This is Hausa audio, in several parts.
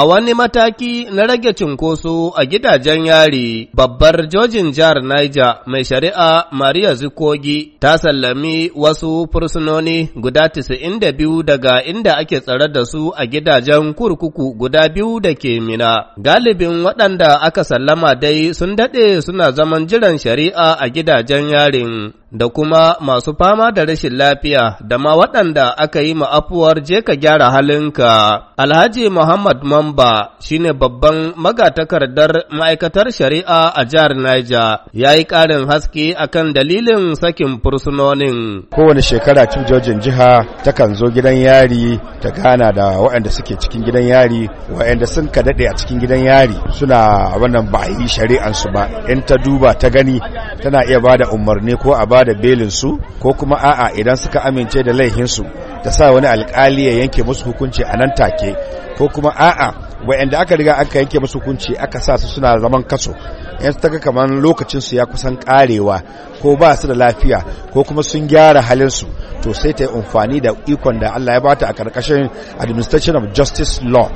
A wani mataki na rage cunkoso a gidajen yari, babbar jojin jihar Niger mai shari'a Maria Zikogi ta sallami wasu fursunoni guda tisa'in biyu daga inda ake tsare da su a gidajen kurkuku guda biyu da ke mina. Galibin waɗanda aka sallama dai sun daɗe suna zaman jiran shari'a a gidajen yarin. da kuma masu fama da rashin lafiya da ma waɗanda aka yi ma'afuwar je ka gyara halinka. Alhaji Muhammad Mamba shine babban magatakardar ma'aikatar shari'a a jihar Niger ya yi ƙarin haske akan dalilin sakin fursunonin. Kowane shekara cin jojin jiha takan zo gidan yari ta gana da waɗanda suke cikin gidan yari waɗanda sun ka daɗe a cikin gidan yari suna wannan ba a yi shari'ansu ba in ta duba ta gani tana iya ba da umarni ko a ba da belinsu ko kuma a'a idan suka amince da laihinsu ta sa wani alkali ya yanke musu hukunci a nan take ko kuma a'a wa'anda aka riga aka yanke musu hukunci aka sa su suna zaman kaso yan ta ga kamar lokacin su ya kusan karewa ko ba su da lafiya ko kuma sun gyara halin su to sai ta yi amfani da ikon da Allah ya bata a karkashin administration of justice law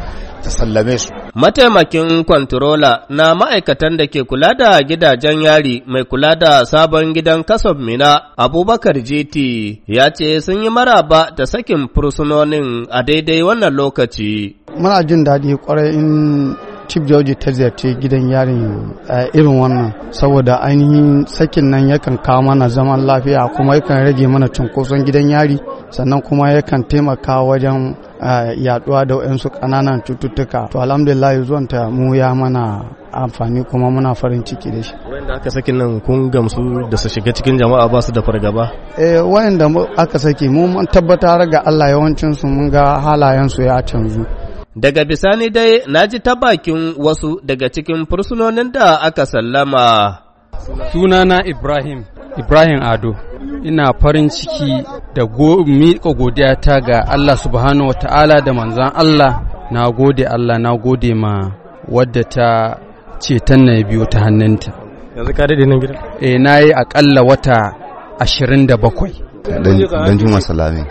ta sallame su mataimakin kwantirola na ma'aikatan da ke kula da gidajen yari mai kula da sabon gidan kasob mina abubakar gt ya ce sun yi maraba da sakin fursunonin a daidai wannan lokaci muna jin daɗi kwarai in chief george ta ziyarci gidan yarin eh, irin wannan saboda ainihin sakin nan yakan kawo mana zaman lafiya kuma yakan rage mana cunkoson gidan yari sannan kuma yakan taimaka wajen eh, yaduwa da waɗansu ƙananan cututtuka to alhamdulillah zuwan ta mu ya mana amfani kuma muna farin ciki da shi wayanda aka saki nan kun gamsu da su shiga cikin jama'a ba su da fargaba eh wanda aka saki mu mun tabbata ga Allah yawancin su mun ga halayen su ya canzu Daga bisani dai na ji ta bakin wasu daga cikin fursunonin da aka sallama. Sunana Ibrahim, Ibrahim Ado, ina farin ciki da miƙa godiyata ga Allah subhanahu wa ta'ala da manzan Allah, na gode Allah, na gode ma wadda ta ceton na biyu ta hannunta. Yanzu ka daɗe nan gidan? E, na yi aƙalla wata ashirin da bakwai. Dan Juma Salami,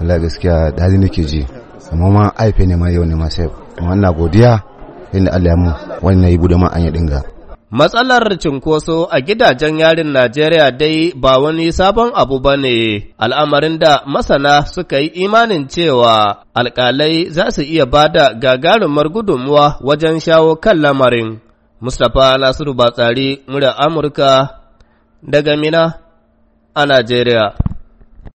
Allah gaskiya da hali nake ji. amma ma aife ne ma yau ne ma sai ina godiya inda Allah ya mu wannan yi bude ma an ya dinga Matsalar cinkoso a gidajen yarin Najeriya dai ba wani sabon abu ba ne, al'amarin da masana suka yi imanin cewa alƙalai za su iya ba da gagarumar gudunmuwa wajen shawo kan lamarin. Mustapha Nasiru Batsari, murya Amurka, daga Mina a Najeriya.